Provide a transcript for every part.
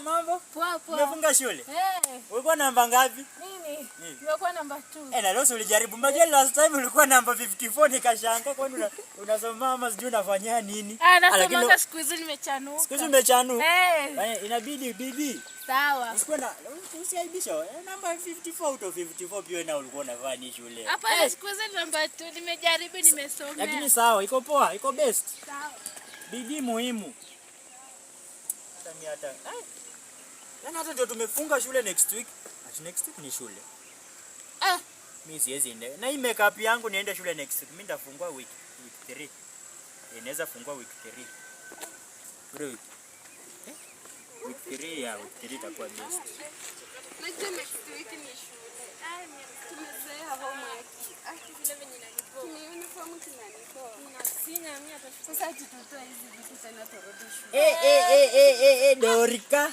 mambo. Poa poa. Umefunga shule? Eh. Ulikuwa namba ngapi? Mimi. Nilikuwa namba 2. Eh, na leo ulijaribu. Mbona last time ulikuwa namba 54 nikashangaa nini unasoma mama sijui unafanya nini? Ah, nasoma ah, kwa siku hizi nimechanuka. Siku hizi umechanuka? Eh. Yaani inabidi bibi. Sawa. Usikuwa na usiaibisha. Eh, Namba 54 out of 54 pia na ulikuwa unafanya nini shule? Hapana, eh. siku hizi namba 2 nimejaribu nimesoma. Lakini sawa, iko poa, iko best. Sawa. Bibi muhimu. Hata mimi hata. Yaani hata ndio tumefunga shule next week. Ati next week ni shule. Eh, mimi siwezi ende. Na hii makeup yangu niende shule next week. Mimi nitafungua week week 3. Inaweza fungua week 3. Bro. Eh? Week 3 ya week 3 itakuwa best. Najua next week ni shule. Ah, tumezoea homework. Ah, vile venye nalipo. Ni uniform kinanitoa. Sina mimi hata sasa tutotoa hizi vitu tena turudi Eh eh eh eh eh Dorika.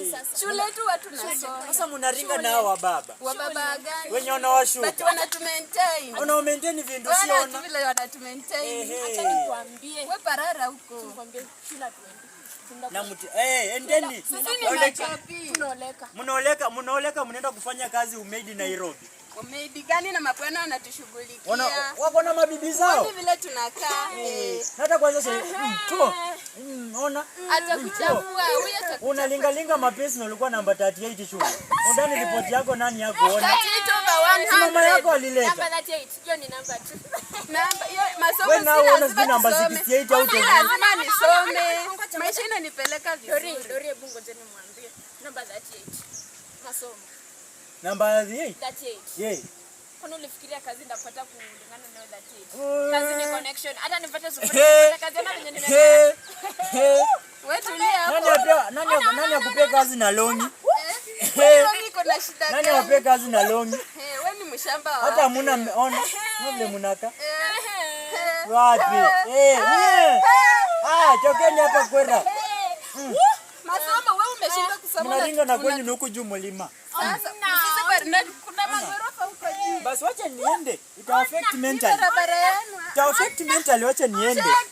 Shule tu watu nasoma. Sasa mnaringa na baba wa baba gani? Wenye wanawashuka. But wana tu maintain. Wana maintain vindu sio Wana vile wana tu maintain. Acha nikwambie. Wewe parara huko. Nikwambie kila na mtu eh, hey, endeni mnaoleka mnaoleka mnaenda kufanya kazi umedi Nairobi. Wameidi gani na mabwana wanatushughulikia. Wana, wako na mabibi zao. Ni vile tunakaa. Eh, eh. Hata kwanza sasa mtu. Mm, mm, unaona? Mm, Atakuchafua huyo unalinga linga mapesa na ulikuwa namba 38 shule. Undani eh. report yako nani yako ona? Mama yako alileta. Namba 38. Hiyo ni namba tu. Namba hiyo masomo sina. Wewe unaona namba 68 au 20? Lazima nisome. Maisha inanipeleka vizuri. Dori, dori, bungo ngojeni mwambie. Namba 38. Masomo. Namba 38. 38. Yeah. Kwani ulifikiria kazi ndapata kulingana na 38? Kazi ni connection. Hata nipate support. Kazi yangu yenye nimeanza. Wewe tulia hapo. Nani nani nani akupea kazi na longi? Longi iko na shida gani? Nani akupea kazi na longi? Wewe ni mshamba wa. Hata hamna mmeona. Mbona mnaka? Wapi? Eh. Ah, tokeni hapa kwenda. Hmm. Masomo wewe umeshinda kusoma. Mnaringa na kwenye huko juu mlima. Sasa basi wacha niende, ita affect mentally, ita affect mentally, wacha niende.